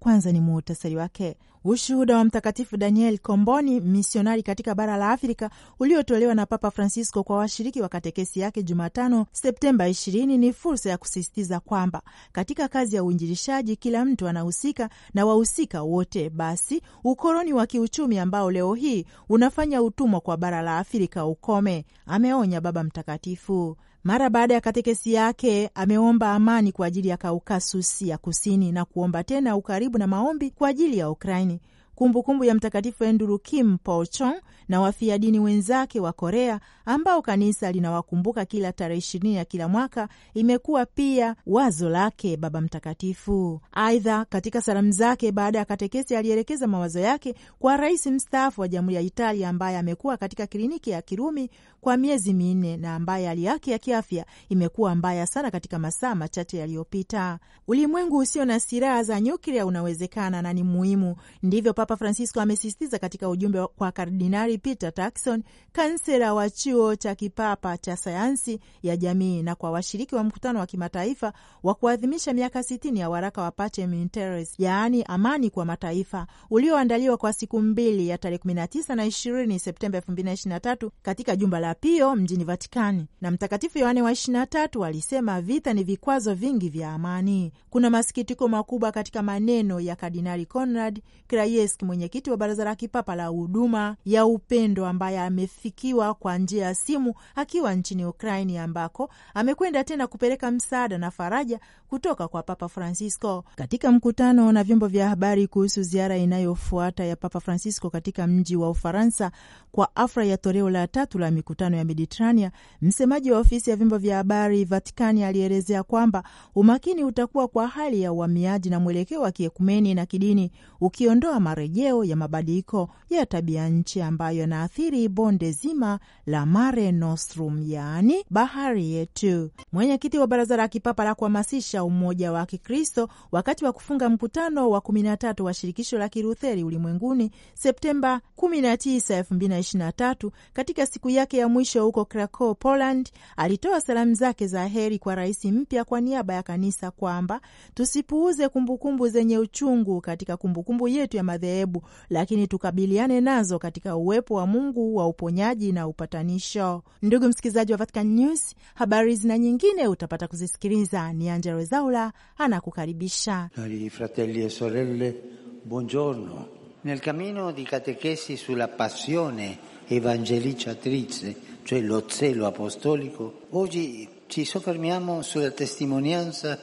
kwanza ni muhtasari wake. Ushuhuda wa Mtakatifu Daniel Komboni, misionari katika bara la Afrika, uliotolewa na Papa Francisco kwa washiriki wa katekesi yake Jumatano Septemba 20 ni fursa ya kusisitiza kwamba katika kazi ya uinjilishaji kila mtu anahusika na wahusika wote. Basi ukoloni wa kiuchumi ambao leo hii unafanya utumwa kwa bara la Afrika ukome, ameonya Baba Mtakatifu. Mara baada ya katekesi yake ameomba amani kwa ajili ya Kaukasusi ya Kusini na kuomba tena ukaribu na maombi kwa ajili ya Ukraini kumbukumbu ya Mtakatifu enduru Kim Pochong na wafia dini wenzake wa Korea ambao kanisa linawakumbuka kila tarehe ishirini ya kila mwaka imekuwa pia wazo lake Baba Mtakatifu. Aidha, katika salamu zake baada ya katekesi alielekeza mawazo yake kwa rais mstaafu wa Jamhuri ya Italia ambaye amekuwa katika kliniki ya Kirumi kwa miezi minne na ambaye hali yake ya kiafya imekuwa mbaya sana katika masaa machache yaliyopita. Ulimwengu usio na silaha za nyuklia unawezekana na ni muhimu, ndivyo Papa Francisco amesisitiza katika ujumbe kwa Kardinali Peter Turkson, kansela wa chuo cha kipapa cha sayansi ya jamii, na kwa washiriki wa mkutano wa kimataifa wa kuadhimisha miaka sitini ya waraka wa Pacem in Terris, yaani amani kwa mataifa, ulioandaliwa kwa siku mbili ya tarehe 19 na 20 Septemba 2023 katika jumba la Pio mjini Vatikani. Na Mtakatifu Yohane wa 23 alisema, vita ni vikwazo vingi vya amani. Kuna masikitiko makubwa katika maneno ya Kardinali conrad Krajewski Francisk, mwenyekiti wa Baraza la Kipapa la Huduma ya Upendo, ambaye amefikiwa kwa njia ya simu akiwa nchini Ukraini, ambako amekwenda tena kupeleka msaada na faraja kutoka kwa Papa Francisco. Katika mkutano na vyombo vya habari kuhusu ziara inayofuata ya Papa Francisco katika mji wa Ufaransa kwa afra ya toleo la tatu la mikutano ya Mediterania, msemaji wa ofisi ya vyombo vya habari Vatikani alielezea kwamba umakini utakuwa kwa hali ya uhamiaji na mwelekeo wa kiekumeni na kidini ukiondoa mare marejeo ya mabadiliko ya tabia nchi ambayo yanaathiri bonde zima la Mare Nostrum, yaani bahari yetu. Mwenyekiti wa Baraza la Kipapa la Kuhamasisha Umoja wa Kikristo wakati wa kufunga mkutano wa 13 wa Shirikisho la Kilutheri Ulimwenguni Septemba 19, 2023 katika siku yake ya mwisho huko Krakow, Poland, alitoa salamu zake za heri kwa rais mpya kwa niaba ya kanisa kwamba tusipuuze kumbukumbu zenye uchungu katika kumbukumbu yetu ya madhehebu madhehebu, lakini tukabiliane nazo katika uwepo wa Mungu wa uponyaji na upatanisho. Ndugu msikilizaji wa Vatican News, habari zina nyingine utapata kuzisikiliza. Ni Angela Rwezaula anakukaribisha. Cari fratelli e sorelle, buongiorno. Nel cammino di catechesi sulla passione evangelizzatrice, cioè lo zelo apostolico, oggi ci soffermiamo sulla testimonianza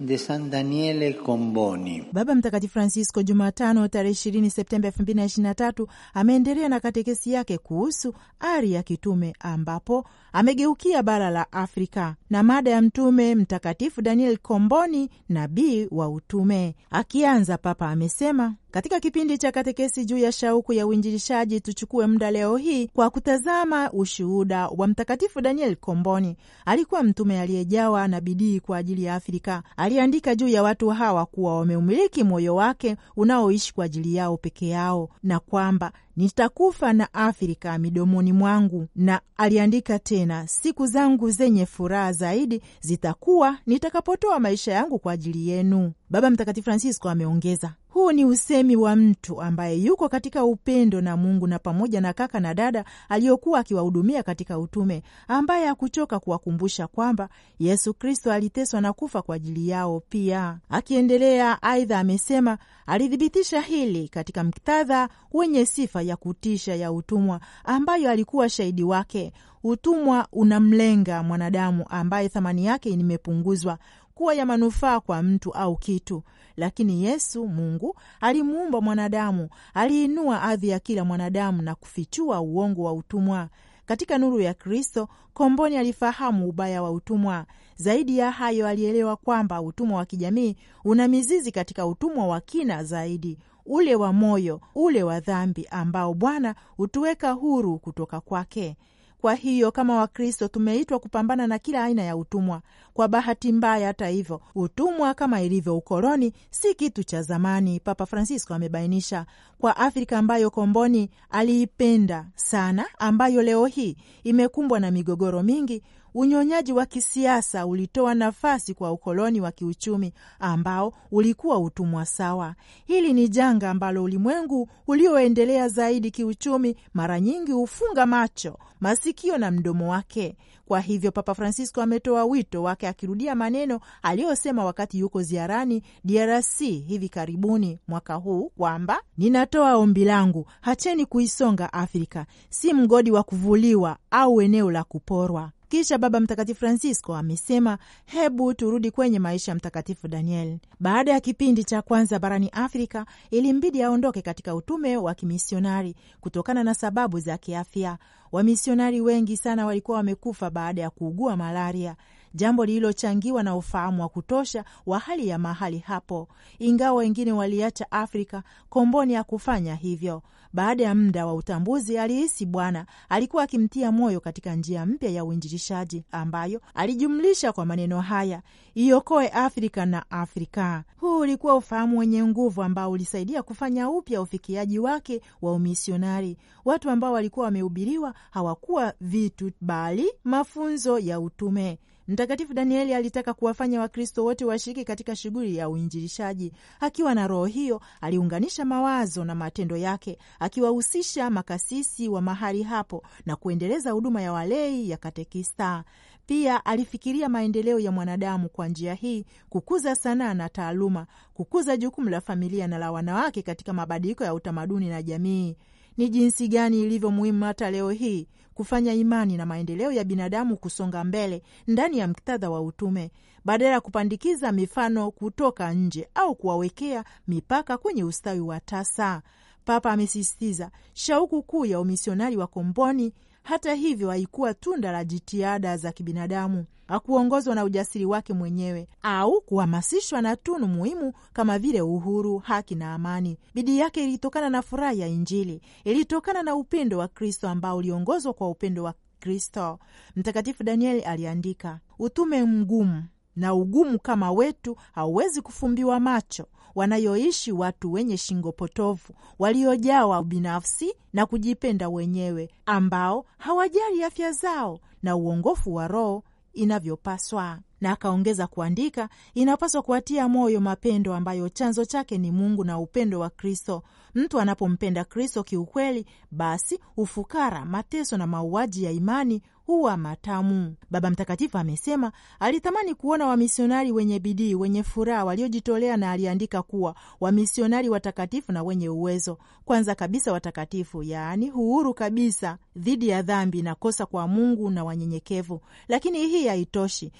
de San Daniele Comboni. Baba Mtakatifu Francisco Jumatano tarehe 20 Septemba 2023 ameendelea na katekesi yake kuhusu ari ya kitume ambapo amegeukia bara la Afrika na mada ya mtume Mtakatifu Daniel Comboni, nabii wa utume. Akianza Papa amesema katika kipindi cha katekesi juu ya shauku ya uinjilishaji, tuchukue muda leo hii kwa kutazama ushuhuda wa Mtakatifu Daniel Komboni. Alikuwa mtume aliyejawa na bidii kwa ajili ya Afrika. Aliandika juu ya watu hawa kuwa wameumiliki moyo wake unaoishi kwa ajili yao peke yao na kwamba nitakufa na Afrika midomoni mwangu. Na aliandika tena, siku zangu zenye furaha zaidi zitakuwa nitakapotoa maisha yangu kwa ajili yenu. Baba Mtakatifu Francisco ameongeza, huu ni usemi wa mtu ambaye yuko katika upendo na Mungu na pamoja na kaka na dada aliyokuwa akiwahudumia katika utume, ambaye hakuchoka kuwakumbusha kwamba Yesu Kristo aliteswa na kufa kwa ajili yao pia. Akiendelea, aidha amesema Alithibitisha hili katika mktadha wenye sifa ya kutisha ya utumwa ambayo alikuwa shahidi wake. Utumwa unamlenga mwanadamu ambaye thamani yake imepunguzwa kuwa ya manufaa kwa mtu au kitu. Lakini Yesu Mungu alimuumba mwanadamu, aliinua ardhi ya kila mwanadamu na kufichua uongo wa utumwa. Katika nuru ya Kristo, komboni alifahamu ubaya wa utumwa. Zaidi ya hayo, alielewa kwamba utumwa wa kijamii una mizizi katika utumwa wa kina zaidi, ule wa moyo, ule wa dhambi ambao Bwana hutuweka huru kutoka kwake. Kwa hiyo kama Wakristo tumeitwa kupambana na kila aina ya utumwa, kwa bahati mbaya, hata hivyo, utumwa kama ilivyo ukoloni si kitu cha zamani, Papa Francisco amebainisha. Kwa Afrika ambayo Komboni aliipenda sana, ambayo leo hii imekumbwa na migogoro mingi unyonyaji wa kisiasa ulitoa nafasi kwa ukoloni wa kiuchumi ambao ulikuwa utumwa sawa. Hili ni janga ambalo ulimwengu ulioendelea zaidi kiuchumi mara nyingi hufunga macho, masikio na mdomo wake. Kwa hivyo Papa Francisco ametoa wito wake akirudia maneno aliyosema wakati yuko ziarani DRC hivi karibuni mwaka huu kwamba ninatoa ombi langu, hacheni kuisonga Afrika, si mgodi wa kuvuliwa au eneo la kuporwa. Kisha Baba Mtakatifu Francisco amesema hebu turudi kwenye maisha ya Mtakatifu Daniel. Baada ya kipindi cha kwanza barani Afrika, ilimbidi aondoke katika utume wa kimisionari kutokana na sababu za kiafya. Wamisionari wengi sana walikuwa wamekufa baada ya kuugua malaria jambo lililochangiwa na ufahamu wa kutosha wa hali ya mahali hapo, ingawa wengine waliacha Afrika. Komboni ya kufanya hivyo baada ya muda wa utambuzi, alihisi Bwana alikuwa akimtia moyo katika njia mpya ya uinjilishaji ambayo alijumlisha kwa maneno haya, iokoe Afrika na Afrika. Huu ulikuwa ufahamu wenye nguvu ambao ulisaidia kufanya upya ufikiaji wake wa umisionari. Watu ambao walikuwa wamehubiriwa hawakuwa vitu, bali mafunzo ya utume. Mtakatifu Danieli alitaka kuwafanya Wakristo wote washiriki katika shughuli ya uinjilishaji. Akiwa na roho hiyo, aliunganisha mawazo na matendo yake, akiwahusisha makasisi wa mahali hapo na kuendeleza huduma ya walei ya katekista. Pia alifikiria maendeleo ya mwanadamu kwa njia hii, kukuza sanaa na taaluma, kukuza jukumu la familia na la wanawake katika mabadiliko ya utamaduni na jamii. Ni jinsi gani ilivyo muhimu hata leo hii kufanya imani na maendeleo ya binadamu kusonga mbele ndani ya muktadha wa utume badala ya kupandikiza mifano kutoka nje au kuwawekea mipaka kwenye ustawi wa tasa. Papa amesisitiza shauku kuu ya umisionari wa komboni hata hivyo, haikuwa tunda la jitihada za kibinadamu. Hakuongozwa na ujasiri wake mwenyewe au kuhamasishwa na tunu muhimu kama vile uhuru, haki na amani. Bidii yake ilitokana na furaha ya Injili, ilitokana na upendo wa Kristo ambao uliongozwa kwa upendo wa Kristo. Mtakatifu Danieli aliandika, utume mgumu na ugumu kama wetu hauwezi kufumbiwa macho wanayoishi watu wenye shingo potofu waliojawa ubinafsi na kujipenda wenyewe, ambao hawajali afya zao na uongofu wa roho inavyopaswa. Na akaongeza kuandika, inapaswa kuwatia moyo mapendo ambayo chanzo chake ni Mungu na upendo wa Kristo. Mtu anapompenda Kristo kiukweli, basi ufukara, mateso na mauaji ya imani huwa matamu. Baba Mtakatifu amesema alitamani kuona wamisionari wenye bidii, wenye furaha, waliojitolea, na aliandika kuwa wamisionari watakatifu na wenye uwezo, kwanza kabisa watakatifu, yaani huhuru kabisa dhidi ya dhambi na kosa kwa Mungu na wanyenyekevu. Lakini hii haitoshi,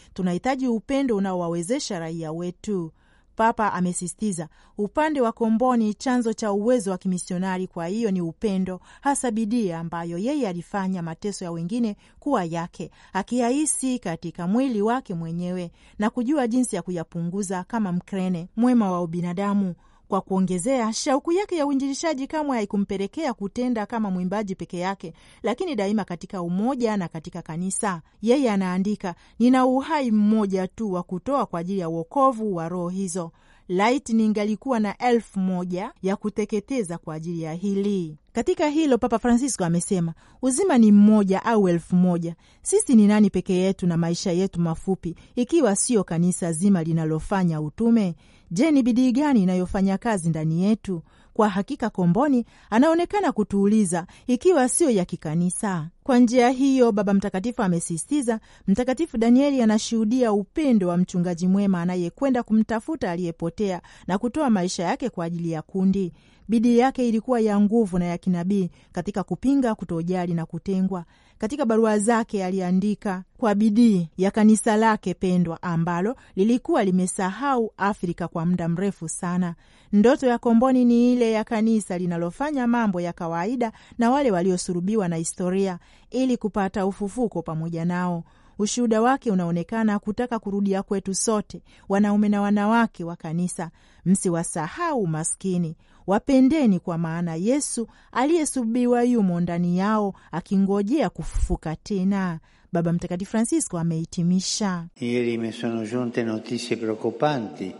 tunahitaji upendo unaowawezesha raia wetu. Papa amesisitiza upande wa komboni, chanzo cha uwezo wa kimisionari. Kwa hiyo ni upendo, hasa bidii ambayo yeye alifanya mateso ya wengine kuwa yake, akiyahisi katika mwili wake mwenyewe na kujua jinsi ya kuyapunguza, kama Mkrene mwema wa ubinadamu kwa kuongezea, shauku yake ya uinjilishaji kamwe haikumpelekea kutenda kama mwimbaji peke yake, lakini daima katika umoja na katika kanisa. Yeye anaandika, nina uhai mmoja tu wa kutoa kwa ajili ya uokovu wa roho hizo. Laiti ningalikuwa na elfu moja ya kuteketeza kwa ajili ya hili. Katika hilo Papa Francisco amesema uzima ni mmoja au elfu moja. Sisi ni nani peke yetu na maisha yetu mafupi, ikiwa sio kanisa zima linalofanya utume? Je, ni bidii gani inayofanya kazi ndani yetu? Kwa hakika Komboni anaonekana kutuuliza ikiwa siyo ya kikanisa. Kwa njia hiyo, Baba Mtakatifu amesisitiza, Mtakatifu Danieli anashuhudia upendo wa mchungaji mwema anayekwenda kumtafuta aliyepotea na kutoa maisha yake kwa ajili ya kundi. Bidii yake ilikuwa ya nguvu na ya kinabii katika kupinga kutojali na kutengwa, katika barua zake aliandika kwa bidii ya kanisa lake pendwa ambalo lilikuwa limesahau Afrika kwa muda mrefu sana. Ndoto ya komboni ni ile ya kanisa linalofanya mambo ya kawaida na wale waliosurubiwa na historia ili kupata ufufuko pamoja nao. Ushuhuda wake unaonekana kutaka kurudia kwetu sote, wanaume na wanawake wa kanisa. Msiwasahau maskini, wapendeni, kwa maana Yesu aliyesubiwa yumo ndani yao akingojea kufufuka tena. Baba Mtakatifu Francisco amehitimisha: ieri mi sono giunte notizie preoccupanti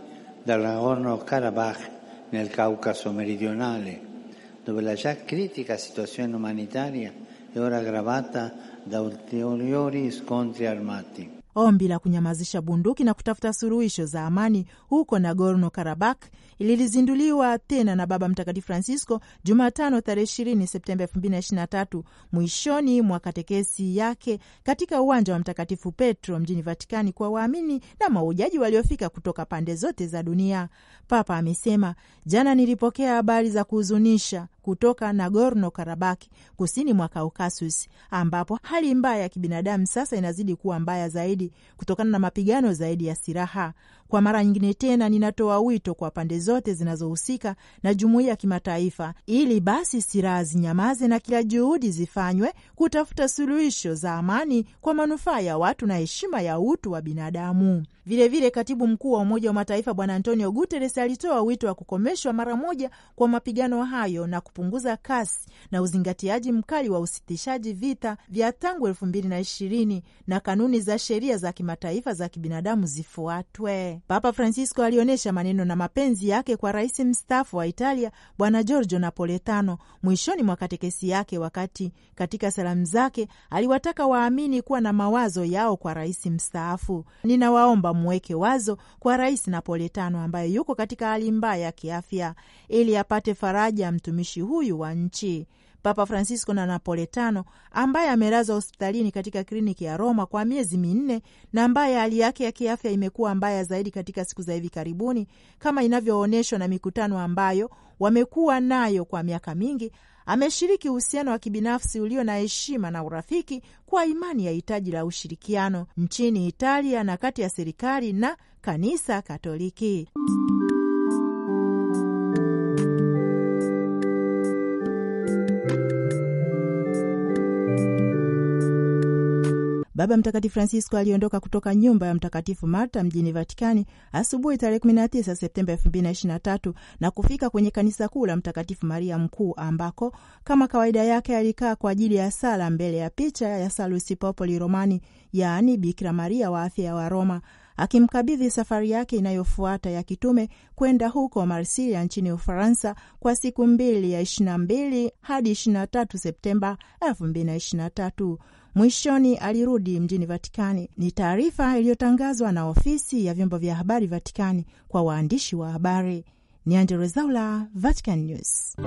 dal Nagorno Karabakh nel Caucaso meridionale dove la già critica situazione umanitaria e ora aggravata ulteriori scontri armati. Ombi la kunyamazisha bunduki na kutafuta suluhisho za amani huko Nagorno Karabakh lilizinduliwa tena na Baba Mtakatifu Francisco Jumatano tarehe 20 Septemba 2023 mwishoni mwa katekesi yake katika uwanja wa Mtakatifu Petro mjini Vatikani kwa waamini na mahujaji waliofika kutoka pande zote za dunia. Papa amesema, jana nilipokea habari za kuhuzunisha kutoka Nagorno Karabaki, kusini mwa Kaukasus, ambapo hali mbaya ya kibinadamu sasa inazidi kuwa mbaya zaidi kutokana na mapigano zaidi ya silaha. Kwa mara nyingine tena, ninatoa wito kwa pande zote zinazohusika na jumuiya ya kimataifa ili basi silaha zinyamaze na kila juhudi zifanywe kutafuta suluhisho za amani kwa manufaa ya watu na heshima ya utu wa binadamu. Vilevile vile katibu mkuu wa Umoja wa Mataifa Bwana Antonio Guterres alitoa wito wa kukomeshwa mara moja kwa mapigano hayo na kupunguza kasi na uzingatiaji mkali wa usitishaji vita vya tangu elfu mbili na ishirini na kanuni za sheria za kimataifa za kibinadamu zifuatwe. Papa Francisco alionyesha maneno na mapenzi yake kwa rais mstaafu wa Italia Bwana Giorgio Napoletano mwishoni mwa katekesi yake, wakati katika salamu zake aliwataka waamini kuwa na mawazo yao kwa rais mstaafu. Ninawaomba wamweke wazo kwa Rais Napoletano ambaye yuko katika hali mbaya ya kiafya, ili apate faraja ya mtumishi huyu wa nchi. Papa Francisco na Napoletano ambaye amelazwa hospitalini katika kliniki ya Roma kwa miezi minne na ambaye hali yake ya kiafya imekuwa mbaya zaidi katika siku za hivi karibuni, kama inavyoonyeshwa na mikutano ambayo wamekuwa nayo kwa miaka mingi ameshiriki uhusiano wa kibinafsi ulio na heshima na urafiki kwa imani ya hitaji la ushirikiano nchini Italia na kati ya serikali na kanisa Katoliki. Baba Mtakatifu Francisco aliondoka kutoka nyumba ya Mtakatifu Marta mjini Vatikani asubuhi tarehe 19 Septemba 2023 na kufika kwenye kanisa kuu la Mtakatifu Maria Mkuu, ambako kama kawaida yake alikaa kwa ajili ya sala mbele ya picha ya Salus Popoli Romani, yaani Bikira Maria wa Afya wa Roma, akimkabidhi safari yake inayofuata ya kitume kwenda huko Marsilia nchini Ufaransa kwa siku mbili ya 22 hadi 23 Septemba 2023. Mwishoni alirudi mjini Vatikani. Ni taarifa iliyotangazwa na ofisi ya vyombo vya habari Vatikani kwa waandishi wa habari. Ni Angella Rwezaula, Vatican News.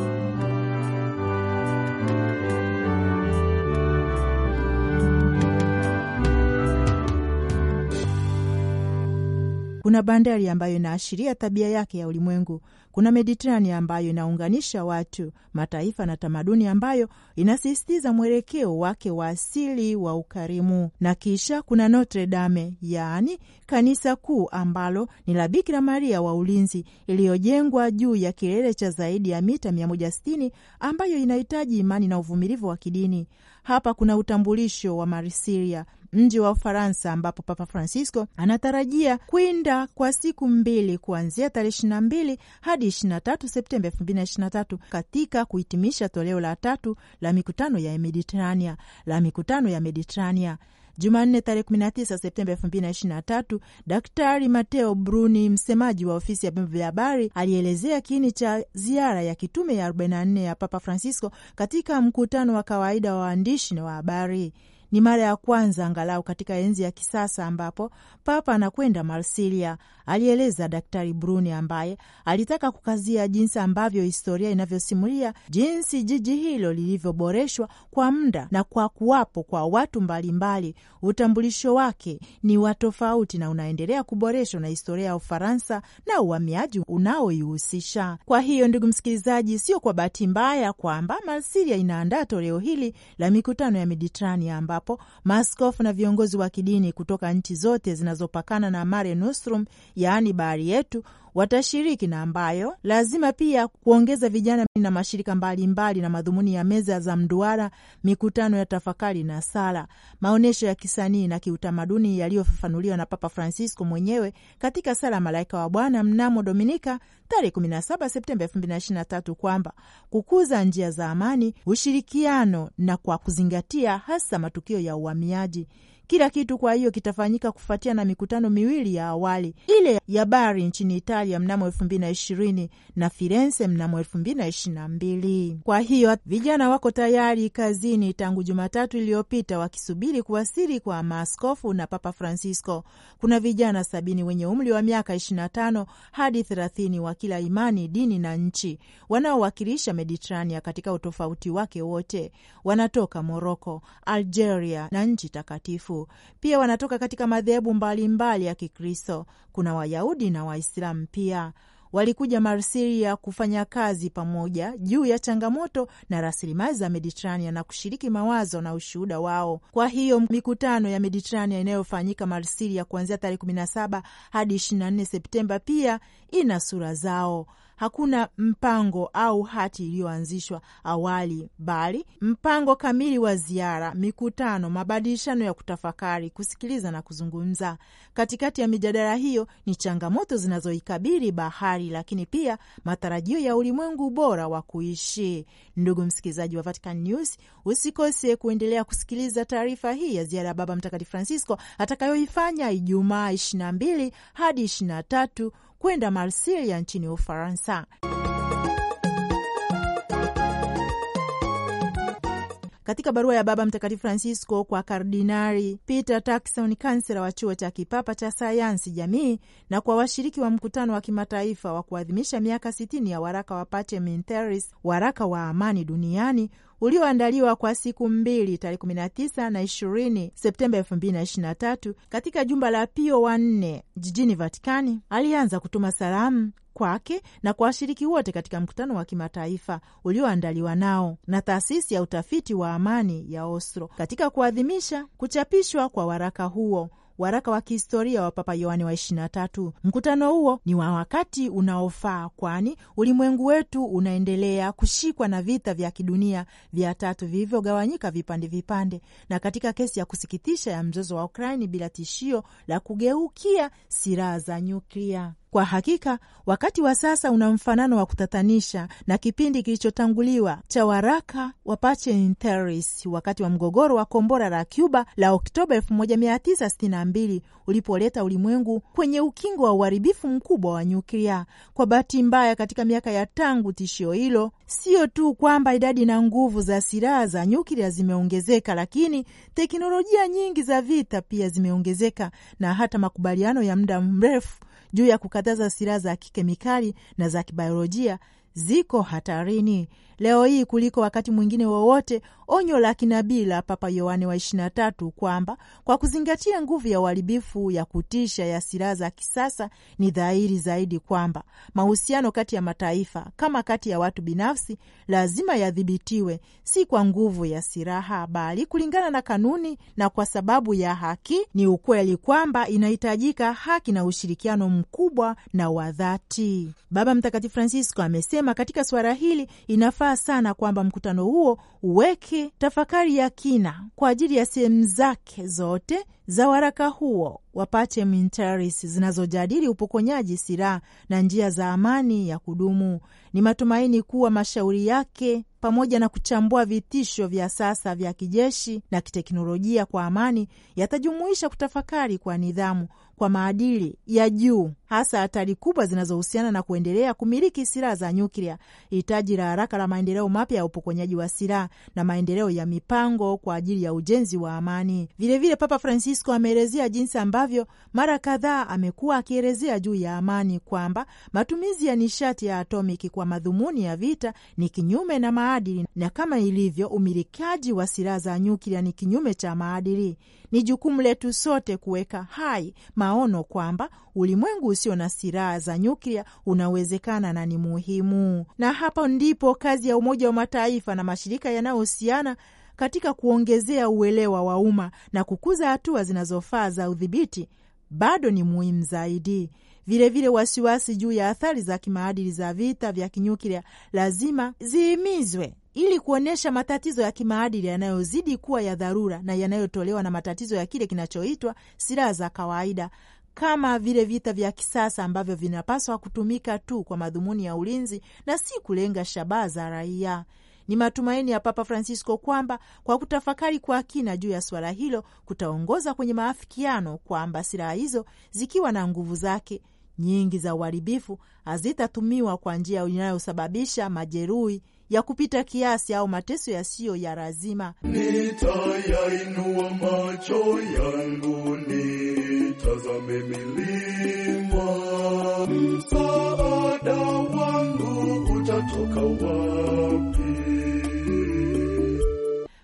Kuna bandari ambayo inaashiria tabia yake ya ulimwengu. Kuna Mediterania ambayo inaunganisha watu, mataifa na tamaduni, ambayo inasisitiza mwelekeo wake wa asili wa ukarimu. Na kisha kuna Notre Dame, yaani kanisa kuu ambalo ni la Bikira Maria wa Ulinzi, iliyojengwa juu ya kilele cha zaidi ya mita 160, ambayo inahitaji imani na uvumilivu wa kidini. Hapa kuna utambulisho wa marisiria mji wa Ufaransa, ambapo Papa Francisco anatarajia kwenda kwa siku mbili kuanzia tarehe 22 hadi 23 Septemba 2023 katika kuhitimisha toleo la tatu la mikutano ya Mediterania la mikutano ya Mediterania. Jumanne tarehe 19 Septemba 2023, Daktari Mateo Bruni, msemaji wa ofisi ya vyombo vya habari, alielezea kiini cha ziara ya kitume ya 44 ya Papa Francisco katika mkutano wa kawaida wa waandishi na wa habari. Ni mara ya kwanza angalau katika enzi ya kisasa ambapo papa anakwenda Marsilia, alieleza Daktari Bruni, ambaye alitaka kukazia jinsi ambavyo historia inavyosimulia jinsi jiji hilo lilivyoboreshwa kwa muda na kwa kuwapo kwa watu mbalimbali. Utambulisho wake ni wa tofauti na unaendelea kuboreshwa na historia ya Ufaransa na uhamiaji unaoihusisha. Kwa hiyo, ndugu msikilizaji, sio kwa bahati mbaya kwamba Marsilia inaandaa toleo hili la mikutano ya Mediterania ambapo ambapo maaskofu na viongozi wa kidini kutoka nchi zote zinazopakana na Mare Nostrum, yaani bahari yetu, watashiriki na ambayo lazima pia kuongeza vijana na mashirika mbalimbali mbali na madhumuni ya meza za mduara, mikutano ya tafakari na sala, maonyesho ya kisanii na kiutamaduni yaliyofafanuliwa na Papa Francisco mwenyewe katika sala Malaika wa Bwana mnamo Dominika tarehe 17 Septemba 2023 kwamba kukuza njia za amani, ushirikiano na kwa kuzingatia hasa matukio ya uhamiaji kila kitu kwa hiyo kitafanyika kufuatia na mikutano miwili ya awali, ile ya Bari nchini Italia mnamo elfu mbili na ishirini na Firenze mnamo elfu mbili na ishirini na mbili. Kwa hiyo vijana wako tayari kazini tangu Jumatatu iliyopita wakisubiri kuwasili kwa maaskofu na Papa Francisco. Kuna vijana sabini wenye umri wa miaka ishirini na tano hadi thelathini wa kila imani, dini na nchi, wanaowakilisha Mediterania katika utofauti wake wote. Wanatoka Moroko, Algeria na nchi takatifu pia wanatoka katika madhehebu mbalimbali ya Kikristo. Kuna Wayahudi na Waislamu pia walikuja Marsiria kufanya kazi pamoja juu ya changamoto na rasilimali za Mediterania na kushiriki mawazo na ushuhuda wao. Kwa hiyo mikutano ya Mediterania inayofanyika Marsiria kuanzia tarehe 17 hadi 24 Septemba pia ina sura zao hakuna mpango au hati iliyoanzishwa awali, bali mpango kamili wa ziara, mikutano, mabadilishano ya kutafakari, kusikiliza na kuzungumza. Katikati ya mijadala hiyo ni changamoto zinazoikabili bahari, lakini pia matarajio ya ulimwengu bora wa kuishi. Ndugu msikilizaji wa Vatican News, usikose kuendelea kusikiliza taarifa hii ya ziara ya Baba Mtakatifu Francisco atakayoifanya Ijumaa 22 hadi 23 kwenda Marsilia nchini Ufaransa. Katika barua ya Baba Mtakatifu Francisco kwa Kardinari Peter Turkson, kansela wa chuo cha kipapa cha sayansi jamii, na kwa washiriki wa mkutano wa kimataifa wa kuadhimisha miaka sitini ya waraka wa Pacem Terris, waraka wa amani duniani ulioandaliwa kwa siku mbili tarehe 19 na 20 Septemba 2023 katika jumba la Pio wa nne jijini Vatikani, alianza kutuma salamu kwake na kwa washiriki wote katika mkutano wa kimataifa ulioandaliwa nao na taasisi ya utafiti wa amani ya Oslo katika kuadhimisha kuchapishwa kwa waraka huo waraka wa kihistoria wa Papa Yohane wa 23. Mkutano huo ni wa wakati unaofaa, kwani ulimwengu wetu unaendelea kushikwa na vita vya kidunia vya tatu vilivyogawanyika vipande vipande, na katika kesi ya kusikitisha ya mzozo wa Ukraini bila tishio la kugeukia silaha za nyuklia. Kwa hakika wakati wa sasa una mfanano wa kutatanisha na kipindi kilichotanguliwa cha waraka wa Pache in Terris wakati wa mgogoro wa kombora la Cuba la Oktoba 1962 ulipoleta ulimwengu kwenye ukingo wa uharibifu mkubwa wa nyuklia. Kwa bahati mbaya, katika miaka ya tangu tishio hilo, sio tu kwamba idadi na nguvu za silaha za nyuklia zimeongezeka, lakini teknolojia nyingi za vita pia zimeongezeka na hata makubaliano ya muda mrefu juu ya kukataza silaha za kikemikali na za kibiolojia ziko hatarini leo hii kuliko wakati mwingine wowote. Onyo la kinabii la Papa Yohane wa 23 kwamba kwa kuzingatia nguvu ya uharibifu ya kutisha ya silaha za kisasa, ni dhahiri zaidi kwamba mahusiano kati ya mataifa kama kati ya watu binafsi lazima yadhibitiwe, si kwa nguvu ya silaha, bali kulingana na kanuni na kwa sababu ya haki. Ni ukweli kwamba inahitajika haki na ushirikiano mkubwa na wa dhati. Baba Mtakatifu Francisco amesema anasema katika suala hili inafaa sana kwamba mkutano huo uweke tafakari ya kina kwa ajili ya sehemu zake zote za waraka huo wapate mintaris zinazojadili upokonyaji silaha na njia za amani ya kudumu. Ni matumaini kuwa mashauri yake pamoja na kuchambua vitisho vya sasa vya kijeshi na kiteknolojia kwa amani yatajumuisha kutafakari kwa nidhamu kwa maadili ya juu, hasa hatari kubwa zinazohusiana na kuendelea kumiliki silaha za nyuklia, hitaji la haraka la maendeleo mapya ya upokonyaji wa silaha na maendeleo ya mipango kwa ajili ya ujenzi wa amani. Vilevile, Papa Francisco ameelezea jinsi ambavyo mara kadhaa amekuwa akielezea juu ya amani kwamba matumizi ya nishati ya atomiki kwa madhumuni ya vita ni kinyume na maadili, na kama ilivyo umilikaji wa silaha za nyuklia ni kinyume cha maadili. Ni jukumu letu sote kuweka hai maono kwamba ulimwengu usio na silaha za nyuklia unawezekana na ni muhimu, na hapo ndipo kazi ya Umoja wa Mataifa na mashirika yanayohusiana katika kuongezea uelewa wa umma na kukuza hatua zinazofaa za udhibiti bado ni muhimu zaidi. Vilevile, wasiwasi juu ya athari za kimaadili za vita vya kinyuklia lazima zihimizwe ili kuonyesha matatizo ya kimaadili yanayozidi kuwa ya dharura na yanayotolewa na matatizo ya kile kinachoitwa silaha za kawaida kama vile vita vya kisasa ambavyo vinapaswa kutumika tu kwa madhumuni ya ulinzi na si kulenga shabaha za raia. Ni matumaini ya Papa Francisco kwamba kwa kutafakari kwa kina juu ya suala hilo kutaongoza kwenye maafikiano kwamba silaha hizo zikiwa na nguvu zake nyingi za uharibifu hazitatumiwa kwa njia inayosababisha majeruhi ya kupita kiasi au mateso yasiyo ya lazima. Nitayainua macho yangu nitazame milima, msaada wangu utatoka wa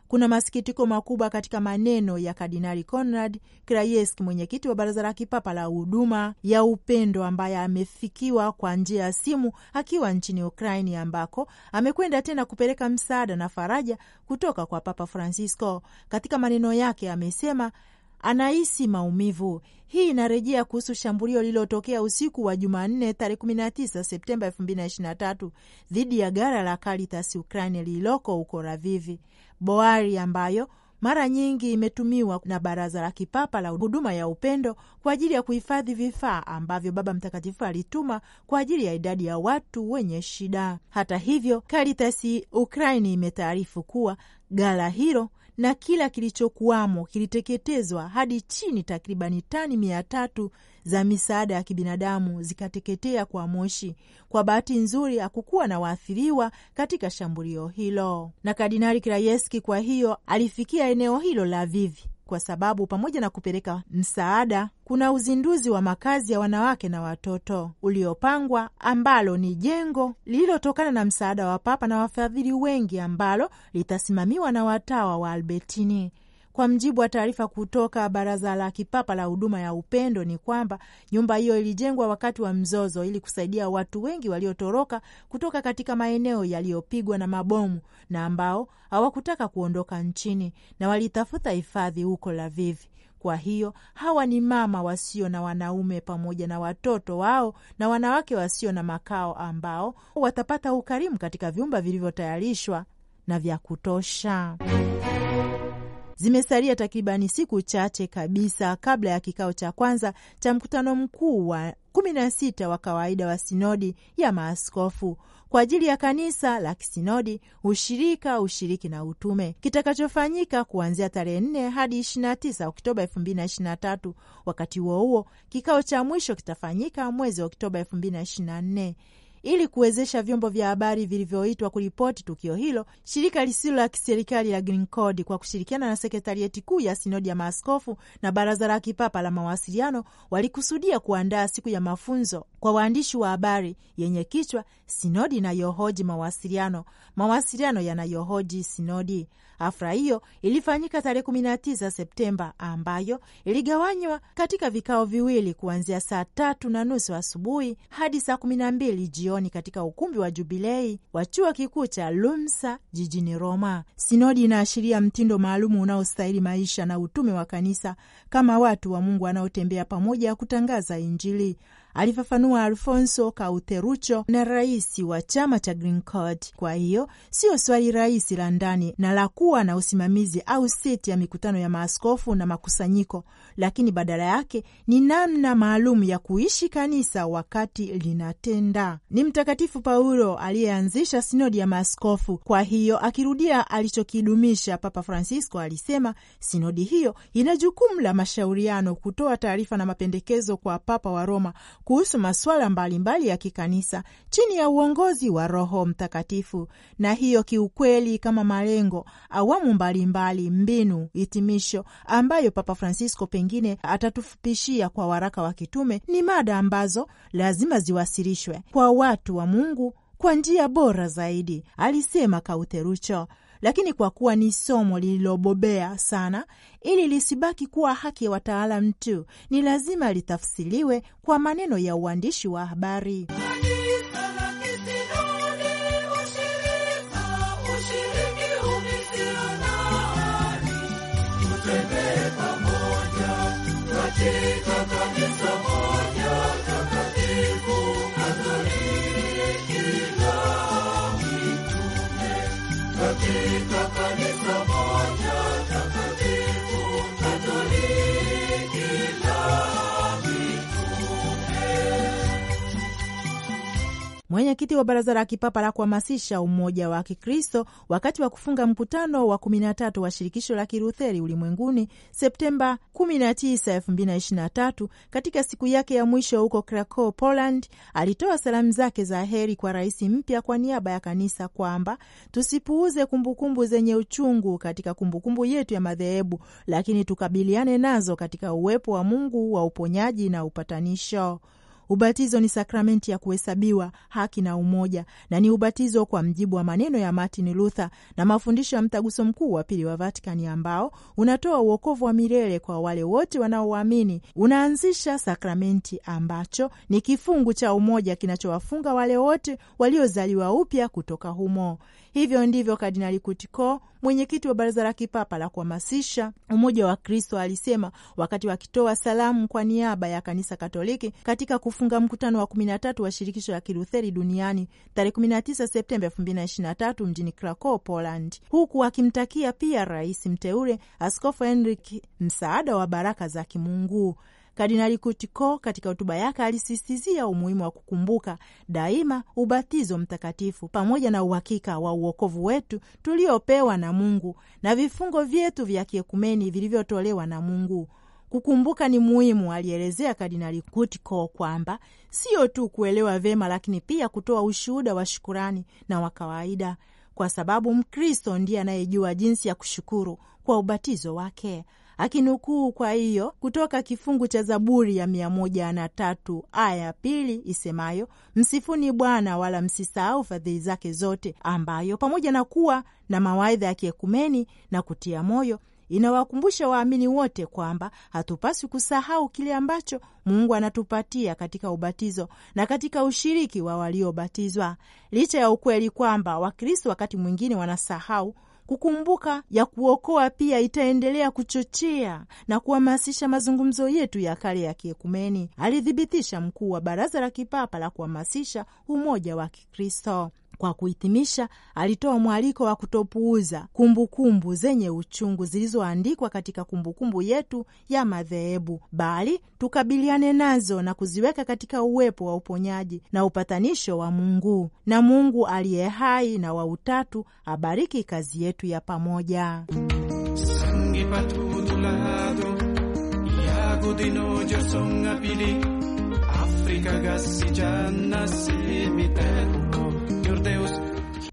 Kuna masikitiko makubwa katika maneno ya Kardinali Konrad Krajewski, mwenyekiti wa Baraza la Kipapa la Huduma ya Upendo, ambaye amefikiwa kwa njia ya simu akiwa nchini Ukraini, ambako amekwenda tena kupeleka msaada na faraja kutoka kwa Papa Francisco. Katika maneno yake amesema anahisi maumivu. Hii inarejea kuhusu shambulio lililotokea usiku wa Jumanne tarehe 19 Septemba 2023 dhidi ya gara la Caritas Ukraine lililoko huko Ravivi boari ambayo mara nyingi imetumiwa na Baraza la Kipapa la Huduma ya Upendo kwa ajili ya kuhifadhi vifaa ambavyo Baba Mtakatifu alituma kwa ajili ya idadi ya watu wenye shida. Hata hivyo, Karitasi Ukraini imetaarifu kuwa ghala hilo na kila kilichokuwamo kiliteketezwa hadi chini. Takribani tani mia tatu za misaada ya kibinadamu zikateketea kwa moshi. Kwa bahati nzuri, hakukuwa na waathiriwa katika shambulio hilo, na Kardinali Krajewski kwa hiyo alifikia eneo hilo la vivi kwa sababu pamoja na kupeleka msaada kuna uzinduzi wa makazi ya wanawake na watoto uliopangwa ambalo ni jengo lililotokana na msaada wa Papa na wafadhili wengi ambalo litasimamiwa na watawa wa Albertini. Kwa mjibu wa taarifa kutoka Baraza la Kipapa la Huduma ya Upendo ni kwamba nyumba hiyo ilijengwa wakati wa mzozo ili kusaidia watu wengi waliotoroka kutoka katika maeneo yaliyopigwa na mabomu na ambao hawakutaka kuondoka nchini na walitafuta hifadhi huko Lviv. Kwa hiyo hawa ni mama wasio na wanaume pamoja na watoto wao na wanawake wasio na makao ambao watapata ukarimu katika vyumba vilivyotayarishwa na vya kutosha. Zimesalia takribani siku chache kabisa kabla ya kikao cha kwanza cha mkutano mkuu wa kumi na sita wa kawaida wa sinodi ya maaskofu kwa ajili ya kanisa la kisinodi ushirika, ushiriki na utume kitakachofanyika kuanzia tarehe nne hadi tisa Oktoba tatu. Wakati huo huo, kikao cha mwisho kitafanyika mwezi wa Oktoba nne. Ili kuwezesha vyombo vya habari vilivyoitwa kuripoti tukio hilo, shirika lisilo la kiserikali la Green Code kwa kushirikiana na sekretarieti kuu ya sinodi ya maaskofu na baraza la kipapa la mawasiliano walikusudia kuandaa siku ya mafunzo kwa waandishi wa habari yenye kichwa sinodi inayohoji mawasiliano, mawasiliano yanayohoji sinodi. Afra hiyo ilifanyika tarehe 19 Septemba, ambayo iligawanywa katika vikao viwili kuanzia saa tatu na nusu asubuhi hadi saa mbili jioni jioni katika ukumbi wa Jubilei wa chuo kikuu cha Lumsa jijini Roma. Sinodi inaashiria mtindo maalum unaostahili maisha na utume wa kanisa kama watu wa Mungu wanaotembea pamoja kutangaza Injili alifafanua Alfonso Cauterucho na rais wa chama cha Green Card. Kwa hiyo sio swali rahisi la ndani na la kuwa na usimamizi au seti ya mikutano ya maaskofu na makusanyiko, lakini badala yake ni namna maalum ya kuishi kanisa wakati linatenda. Ni Mtakatifu Paulo aliyeanzisha sinodi ya maaskofu. Kwa hiyo akirudia alichokidumisha Papa Francisco, alisema sinodi hiyo ina jukumu la mashauriano, kutoa taarifa na mapendekezo kwa Papa wa Roma kuhusu masuala mbalimbali ya kikanisa chini ya uongozi wa Roho Mtakatifu, na hiyo kiukweli, kama malengo, awamu mbalimbali mbali, mbinu, hitimisho ambayo Papa Francisco pengine atatufupishia kwa waraka wa kitume, ni mada ambazo lazima ziwasilishwe kwa watu wa Mungu kwa njia bora zaidi, alisema Kauterucho lakini kwa kuwa ni somo lililobobea sana, ili lisibaki kuwa haki ya wataalam tu, ni lazima litafsiriwe kwa maneno ya uandishi wa habari. mwenyekiti wa baraza la kipapa la kuhamasisha umoja wa Kikristo wakati wa kufunga mkutano wa 13 wa shirikisho la Kilutheri ulimwenguni Septemba 19, 2023 katika siku yake ya mwisho huko Krakow, Poland, alitoa salamu zake za heri kwa rais mpya kwa niaba ya kanisa kwamba tusipuuze kumbukumbu zenye uchungu katika kumbukumbu yetu ya madhehebu, lakini tukabiliane nazo katika uwepo wa Mungu wa uponyaji na upatanisho. Ubatizo ni sakramenti ya kuhesabiwa haki na umoja, na ni ubatizo kwa mjibu wa maneno ya Martin Luther na mafundisho ya mtaguso mkuu wa pili wa Vatikani, ambao unatoa uokovu wa milele kwa wale wote wanaoamini. Unaanzisha sakramenti ambacho ni kifungu cha umoja kinachowafunga wale wote waliozaliwa upya kutoka humo. Hivyo ndivyo Kardinali Kutiko, mwenyekiti wa Baraza la Kipapa la Kuhamasisha Umoja wa Kristo, alisema wakati wakitoa salamu kwa niaba ya Kanisa Katoliki katika kufunga mkutano wa 13 wa Shirikisho la Kilutheri duniani tarehe 19 Septemba 2023 mjini Krakow, Poland, huku akimtakia pia rais mteule Askofu Henrik msaada wa baraka za kimunguu Kardinali Kutiko katika hotuba yake alisistizia umuhimu wa kukumbuka daima ubatizo mtakatifu pamoja na uhakika wa uokovu wetu tuliopewa na Mungu na vifungo vyetu vya kiekumeni vilivyotolewa na Mungu. Kukumbuka ni muhimu, alielezea Kardinali Kutiko, kwamba sio tu kuelewa vema lakini pia kutoa ushuhuda wa shukurani na wa kawaida, kwa sababu Mkristo ndiye anayejua jinsi ya kushukuru kwa ubatizo wake akinukuu kwa hiyo kutoka kifungu cha Zaburi ya mia moja na tatu aya ya pili isemayo, msifuni Bwana wala msisahau fadhili zake zote, ambayo pamoja na kuwa na mawaidha ya kiekumeni na kutia moyo inawakumbusha waamini wote kwamba hatupaswi kusahau kile ambacho Mungu anatupatia katika ubatizo na katika ushiriki wa waliobatizwa. Licha ya ukweli kwamba Wakristo wakati mwingine wanasahau Kukumbuka ya kuokoa pia itaendelea kuchochea na kuhamasisha mazungumzo yetu ya kale ya kiekumeni, alithibitisha mkuu wa Baraza la Kipapa la kuhamasisha umoja wa Kikristo. Kwa kuhitimisha, alitoa mwaliko wa kutopuuza kumbukumbu zenye uchungu zilizoandikwa katika kumbukumbu yetu ya madhehebu, bali tukabiliane nazo na kuziweka katika uwepo wa uponyaji na upatanisho wa Mungu. Na Mungu aliye hai na wa Utatu abariki kazi yetu ya pamoja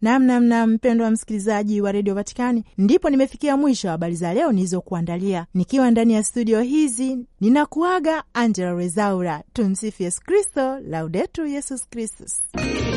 namnamna mpendwa msikilizaji wa redio Vatikani, ndipo nimefikia mwisho wa habari za leo nilizokuandalia nikiwa ndani ya studio hizi. Ninakuaga Angela Rezaura. Tumsifu Yesu Kristo, Laudetur Yesus Kristus.